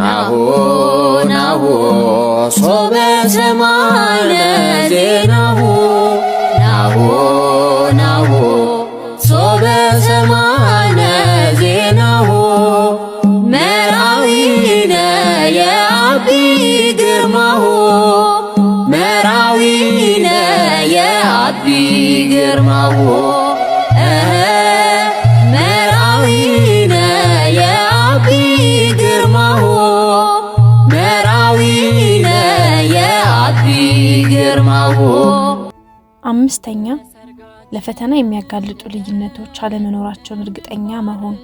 ናሆ ናሆ ሶበ ሰማይ ለዜናሁ ናሆ ናሆ ሶበ ሰማይ ለዜናሁ መራዊነ የአቢ ግርማሁ መራዊነ የአቢ ግርማሁ አምስተኛ ለፈተና የሚያጋልጡ ልዩነቶች አለመኖራቸውን እርግጠኛ መሆን።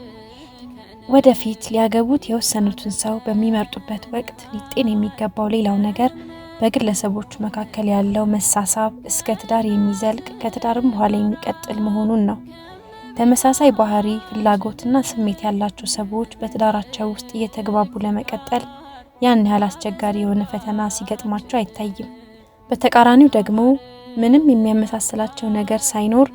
ወደፊት ሊያገቡት የወሰኑትን ሰው በሚመርጡበት ወቅት ሊጤን የሚገባው ሌላው ነገር በግለሰቦቹ መካከል ያለው መሳሳብ እስከ ትዳር የሚዘልቅ ከትዳርም በኋላ የሚቀጥል መሆኑን ነው። ተመሳሳይ ባህሪ፣ ፍላጎትና ስሜት ያላቸው ሰዎች በትዳራቸው ውስጥ እየተግባቡ ለመቀጠል ያን ያህል አስቸጋሪ የሆነ ፈተና ሲገጥማቸው አይታይም። በተቃራኒው ደግሞ ምንም የሚያመሳስላቸው ነገር ሳይኖር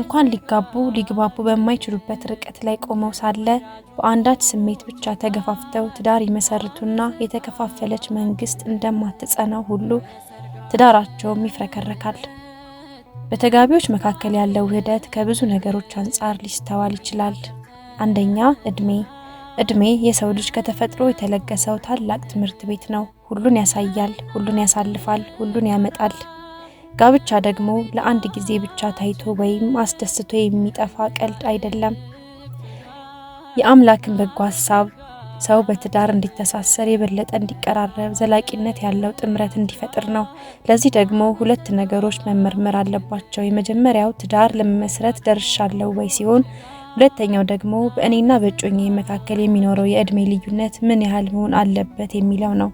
እንኳን ሊጋቡ ሊግባቡ በማይችሉበት ርቀት ላይ ቆመው ሳለ በአንዳች ስሜት ብቻ ተገፋፍተው ትዳር ይመሰርቱና የተከፋፈለች መንግስት እንደማትጸናው ሁሉ ትዳራቸውም ይፍረከረካል። በተጋቢዎች መካከል ያለው ውህደት ከብዙ ነገሮች አንጻር ሊስተዋል ይችላል። አንደኛ እድሜ። እድሜ የሰው ልጅ ከተፈጥሮ የተለገሰው ታላቅ ትምህርት ቤት ነው። ሁሉን ያሳያል፣ ሁሉን ያሳልፋል፣ ሁሉን ያመጣል። ጋብቻ ደግሞ ለአንድ ጊዜ ብቻ ታይቶ ወይም አስደስቶ የሚጠፋ ቀልድ አይደለም። የአምላክን በጎ ሀሳብ ሰው በትዳር እንዲተሳሰር የበለጠ እንዲቀራረብ ዘላቂነት ያለው ጥምረት እንዲፈጥር ነው። ለዚህ ደግሞ ሁለት ነገሮች መመርመር አለባቸው። የመጀመሪያው ትዳር ለመመስረት ደርሻለሁ ወይ ሲሆን፣ ሁለተኛው ደግሞ በእኔና በእጮኛዬ መካከል የሚኖረው የእድሜ ልዩነት ምን ያህል መሆን አለበት የሚለው ነው።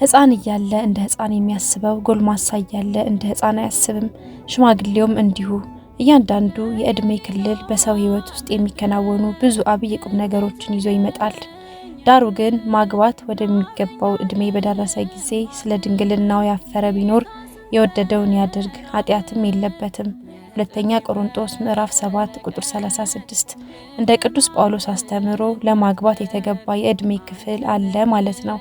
ህፃን እያለ እንደ ህፃን የሚያስበው ጎልማሳ እያለ እንደ ህፃን አያስብም። ሽማግሌውም እንዲሁ። እያንዳንዱ የእድሜ ክልል በሰው ህይወት ውስጥ የሚከናወኑ ብዙ አብይ ቁም ነገሮችን ይዞ ይመጣል። ዳሩ ግን ማግባት ወደሚገባው እድሜ በደረሰ ጊዜ ስለ ድንግልናው ያፈረ ቢኖር የወደደውን ያድርግ፣ ኃጢአትም የለበትም። ሁለተኛ ቆሮንጦስ ምዕራፍ 7 ቁጥር 36። እንደ ቅዱስ ጳውሎስ አስተምህሮ ለማግባት የተገባ የእድሜ ክፍል አለ ማለት ነው።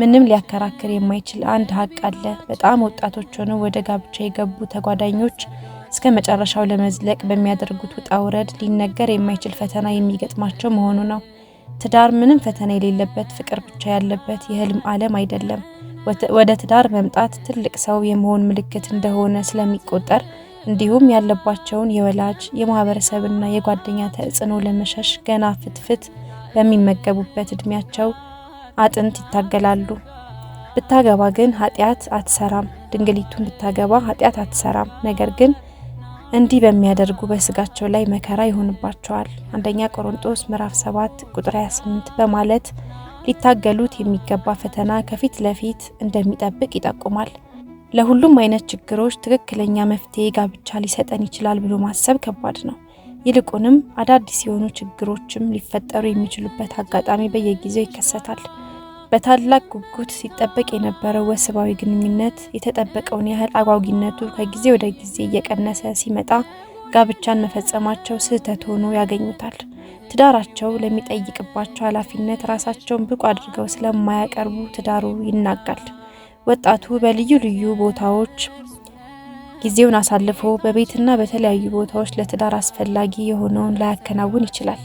ምንም ሊያከራክር የማይችል አንድ ሀቅ አለ። በጣም ወጣቶች ሆነው ወደ ጋብቻ የገቡ ተጓዳኞች እስከ መጨረሻው ለመዝለቅ በሚያደርጉት ውጣ ውረድ ሊነገር የማይችል ፈተና የሚገጥማቸው መሆኑ ነው። ትዳር ምንም ፈተና የሌለበት ፍቅር ብቻ ያለበት የህልም ዓለም አይደለም። ወደ ትዳር መምጣት ትልቅ ሰው የመሆን ምልክት እንደሆነ ስለሚቆጠር እንዲሁም ያለባቸውን የወላጅ የማህበረሰብና የጓደኛ ተጽዕኖ ለመሸሽ ገና ፍትፍት በሚመገቡበት እድሜያቸው አጥንት ይታገላሉ። ብታገባ ግን ኃጢአት አትሰራም። ድንግሊቱን ብታገባ ኃጢአት አትሰራም። ነገር ግን እንዲህ በሚያደርጉ በስጋቸው ላይ መከራ ይሆንባቸዋል። አንደኛ ቆሮንጦስ ምዕራፍ 7 ቁጥር 28 በማለት ሊታገሉት የሚገባ ፈተና ከፊት ለፊት እንደሚጠብቅ ይጠቁማል። ለሁሉም አይነት ችግሮች ትክክለኛ መፍትሄ ጋብቻ ሊሰጠን ይችላል ብሎ ማሰብ ከባድ ነው። ይልቁንም አዳዲስ የሆኑ ችግሮችም ሊፈጠሩ የሚችሉበት አጋጣሚ በየጊዜው ይከሰታል። በታላቅ ጉጉት ሲጠበቅ የነበረው ወሲባዊ ግንኙነት የተጠበቀውን ያህል አጓጊነቱ ከጊዜ ወደ ጊዜ እየቀነሰ ሲመጣ ጋብቻን መፈጸማቸው ስህተት ሆኖ ያገኙታል። ትዳራቸው ለሚጠይቅባቸው ኃላፊነት ራሳቸውን ብቁ አድርገው ስለማያቀርቡ ትዳሩ ይናጋል። ወጣቱ በልዩ ልዩ ቦታዎች ጊዜውን አሳልፎ በቤትና በተለያዩ ቦታዎች ለትዳር አስፈላጊ የሆነውን ላያከናውን ይችላል።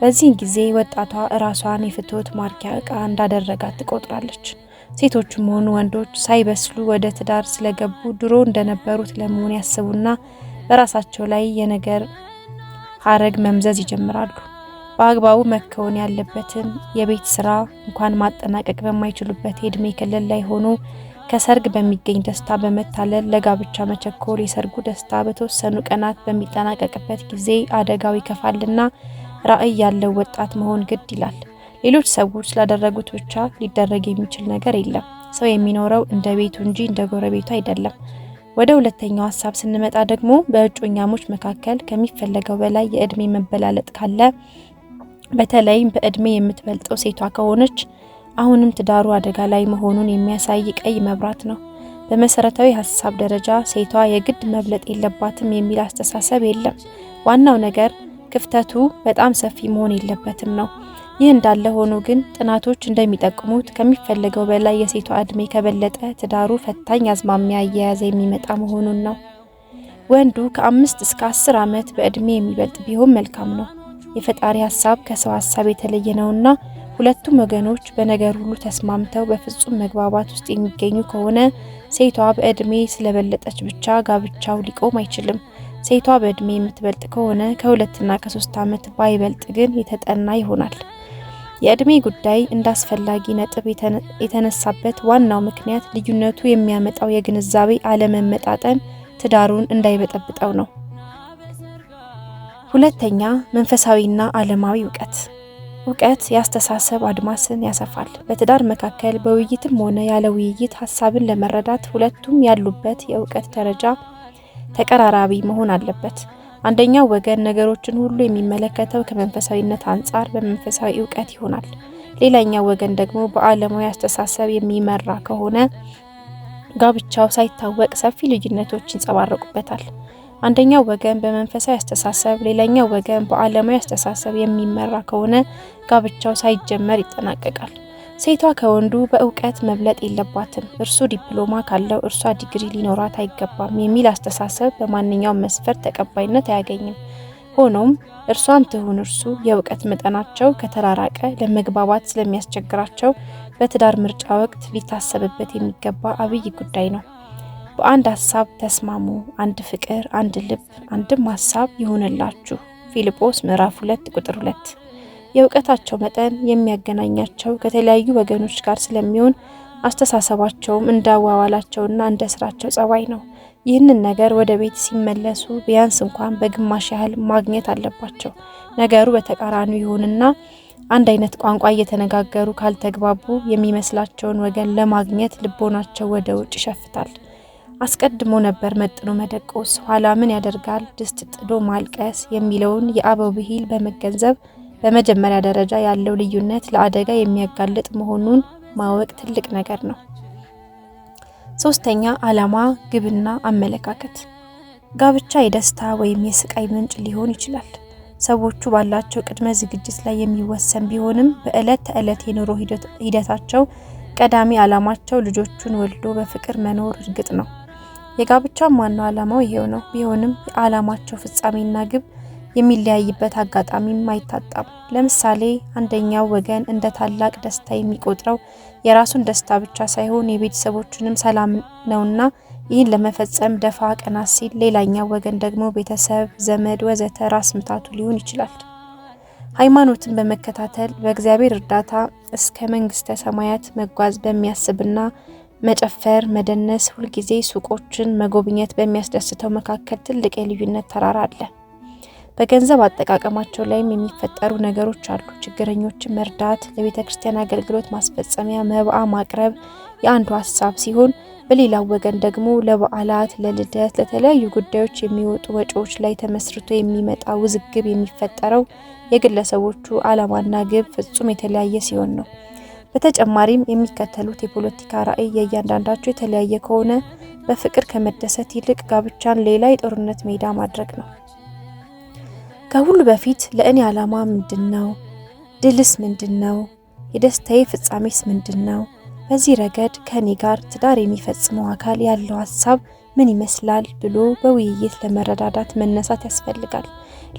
በዚህን ጊዜ ወጣቷ እራሷን የፍትወት ማርኪያ ዕቃ እንዳደረጋት ትቆጥራለች። ሴቶቹም ሆኑ ወንዶች ሳይበስሉ ወደ ትዳር ስለገቡ ድሮ እንደነበሩት ለመሆን ያስቡና በራሳቸው ላይ የነገር ሀረግ መምዘዝ ይጀምራሉ። በአግባቡ መከወን ያለበትን የቤት ስራ እንኳን ማጠናቀቅ በማይችሉበት የእድሜ ክልል ላይ ሆኖ ከሰርግ በሚገኝ ደስታ በመታለል ለጋብቻ መቸኮር የሰርጉ ደስታ በተወሰኑ ቀናት በሚጠናቀቅበት ጊዜ አደጋው ይከፋልና ራዕይ ያለው ወጣት መሆን ግድ ይላል። ሌሎች ሰዎች ስላደረጉት ብቻ ሊደረግ የሚችል ነገር የለም። ሰው የሚኖረው እንደ ቤቱ እንጂ እንደ ጎረቤቱ አይደለም። ወደ ሁለተኛው ሀሳብ ስንመጣ ደግሞ በእጮኛሞች መካከል ከሚፈለገው በላይ የእድሜ መበላለጥ ካለ በተለይም በእድሜ የምትበልጠው ሴቷ ከሆነች አሁንም ትዳሩ አደጋ ላይ መሆኑን የሚያሳይ ቀይ መብራት ነው። በመሰረታዊ ሀሳብ ደረጃ ሴቷ የግድ መብለጥ የለባትም የሚል አስተሳሰብ የለም። ዋናው ነገር ክፍተቱ በጣም ሰፊ መሆን የለበትም ነው። ይህ እንዳለ ሆኖ ግን ጥናቶች እንደሚጠቅሙት ከሚፈለገው በላይ የሴቷ እድሜ ከበለጠ ትዳሩ ፈታኝ አዝማሚያ እየያዘ የሚመጣ መሆኑን ነው። ወንዱ ከአምስት እስከ አስር ዓመት በእድሜ የሚበልጥ ቢሆን መልካም ነው። የፈጣሪ ሀሳብ ከሰው ሀሳብ የተለየ ነውና ሁለቱም ወገኖች በነገር ሁሉ ተስማምተው በፍጹም መግባባት ውስጥ የሚገኙ ከሆነ ሴቷ በእድሜ ስለበለጠች ብቻ ጋብቻው ሊቆም አይችልም። ሴቷ በእድሜ የምትበልጥ ከሆነ ከሁለትና ከሶስት ዓመት ባይበልጥ ግን የተጠና ይሆናል። የእድሜ ጉዳይ እንደ አስፈላጊ ነጥብ የተነሳበት ዋናው ምክንያት ልዩነቱ የሚያመጣው የግንዛቤ አለመመጣጠን ትዳሩን እንዳይበጠብጠው ነው። ሁለተኛ መንፈሳዊና ዓለማዊ እውቀት እውቀት የአስተሳሰብ አድማስን ያሰፋል። በትዳር መካከል በውይይትም ሆነ ያለ ውይይት ሀሳብን ለመረዳት ሁለቱም ያሉበት የእውቀት ደረጃ ተቀራራቢ መሆን አለበት። አንደኛው ወገን ነገሮችን ሁሉ የሚመለከተው ከመንፈሳዊነት አንጻር በመንፈሳዊ እውቀት ይሆናል። ሌላኛው ወገን ደግሞ በዓለማዊ አስተሳሰብ የሚመራ ከሆነ ጋብቻው ሳይታወቅ ሰፊ ልዩነቶች ይንጸባረቁበታል። አንደኛው ወገን በመንፈሳዊ አስተሳሰብ፣ ሌላኛው ወገን በዓለማዊ አስተሳሰብ የሚመራ ከሆነ ጋብቻው ሳይጀመር ይጠናቀቃል። ሴቷ ከወንዱ በእውቀት መብለጥ የለባትም፣ እርሱ ዲፕሎማ ካለው እርሷ ዲግሪ ሊኖራት አይገባም የሚል አስተሳሰብ በማንኛውም መስፈርት ተቀባይነት አያገኝም። ሆኖም እርሷም ትሁን እርሱ የእውቀት መጠናቸው ከተራራቀ ለመግባባት ስለሚያስቸግራቸው በትዳር ምርጫ ወቅት ሊታሰብበት የሚገባ አብይ ጉዳይ ነው። በአንድ ሀሳብ ተስማሙ፣ አንድ ፍቅር፣ አንድ ልብ፣ አንድም ሀሳብ ይሁንላችሁ። ፊልጶስ ምዕራፍ 2 ቁጥር 2። የእውቀታቸው መጠን የሚያገናኛቸው ከተለያዩ ወገኖች ጋር ስለሚሆን አስተሳሰባቸውም እንዳዋዋላቸውና እንደ ስራቸው ጸባይ ነው። ይህንን ነገር ወደ ቤት ሲመለሱ ቢያንስ እንኳን በግማሽ ያህል ማግኘት አለባቸው። ነገሩ በተቃራኒው ይሁንና አንድ አይነት ቋንቋ እየተነጋገሩ ካልተግባቡ የሚመስላቸውን ወገን ለማግኘት ልቦናቸው ወደ ውጭ ይሸፍታል። አስቀድሞ ነበር መጥኖ መደቆስ፣ ኋላ ምን ያደርጋል ድስት ጥዶ ማልቀስ የሚለውን የአበው ብሂል በመገንዘብ በመጀመሪያ ደረጃ ያለው ልዩነት ለአደጋ የሚያጋልጥ መሆኑን ማወቅ ትልቅ ነገር ነው። ሶስተኛ ዓላማ፣ ግብና አመለካከት። ጋብቻ የደስታ ወይም የስቃይ ምንጭ ሊሆን ይችላል። ሰዎቹ ባላቸው ቅድመ ዝግጅት ላይ የሚወሰን ቢሆንም በዕለት ተዕለት የኑሮ ሂደታቸው ቀዳሚ ዓላማቸው ልጆቹን ወልዶ በፍቅር መኖር እርግጥ ነው። የጋብቻም ዋናው ዓላማው ይሄው ነው። ቢሆንም የዓላማቸው ፍጻሜና ግብ የሚለያይበት አጋጣሚም አይታጣም። ለምሳሌ አንደኛው ወገን እንደ ታላቅ ደስታ የሚቆጥረው የራሱን ደስታ ብቻ ሳይሆን የቤተሰቦቹንም ሰላም ነውና ይህን ለመፈጸም ደፋ ቀና ሲል፣ ሌላኛው ወገን ደግሞ ቤተሰብ፣ ዘመድ፣ ወዘተ ራስ ምታቱ ሊሆን ይችላል። ሃይማኖትን በመከታተል በእግዚአብሔር እርዳታ እስከ መንግስተ ሰማያት መጓዝ በሚያስብና መጨፈር፣ መደነስ፣ ሁልጊዜ ሱቆችን መጎብኘት በሚያስደስተው መካከል ትልቅ የልዩነት ተራራ አለ። በገንዘብ አጠቃቀማቸው ላይም የሚፈጠሩ ነገሮች አሉ። ችግረኞችን መርዳት፣ ለቤተ ክርስቲያን አገልግሎት ማስፈጸሚያ መብአ ማቅረብ የአንዱ ሀሳብ ሲሆን በሌላው ወገን ደግሞ ለበዓላት፣ ለልደት፣ ለተለያዩ ጉዳዮች የሚወጡ ወጪዎች ላይ ተመስርቶ የሚመጣ ውዝግብ የሚፈጠረው የግለሰቦቹ ዓላማና ግብ ፍጹም የተለያየ ሲሆን ነው። በተጨማሪም የሚከተሉት የፖለቲካ ራዕይ የእያንዳንዳቸው የተለያየ ከሆነ በፍቅር ከመደሰት ይልቅ ጋብቻን ሌላ የጦርነት ሜዳ ማድረግ ነው። ከሁሉ በፊት ለእኔ ዓላማ ምንድን ነው? ድልስ ምንድን ነው? የደስታዬ ፍጻሜስ ምንድን ነው? በዚህ ረገድ ከእኔ ጋር ትዳር የሚፈጽመው አካል ያለው ሀሳብ ምን ይመስላል ብሎ በውይይት ለመረዳዳት መነሳት ያስፈልጋል።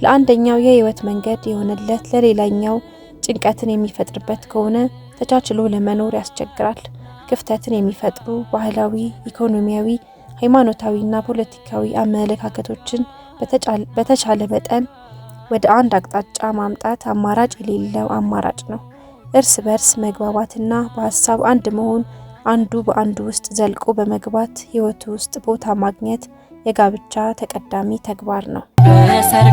ለአንደኛው የህይወት መንገድ የሆነለት ለሌላኛው ጭንቀትን የሚፈጥርበት ከሆነ ተቻችሎ ለመኖር ያስቸግራል። ክፍተትን የሚፈጥሩ ባህላዊ፣ ኢኮኖሚያዊ፣ ሃይማኖታዊና ፖለቲካዊ አመለካከቶችን በተቻለ መጠን ወደ አንድ አቅጣጫ ማምጣት አማራጭ የሌለው አማራጭ ነው። እርስ በርስ መግባባትና በሀሳብ አንድ መሆን አንዱ በአንዱ ውስጥ ዘልቆ በመግባት ህይወቱ ውስጥ ቦታ ማግኘት የጋብቻ ተቀዳሚ ተግባር ነው።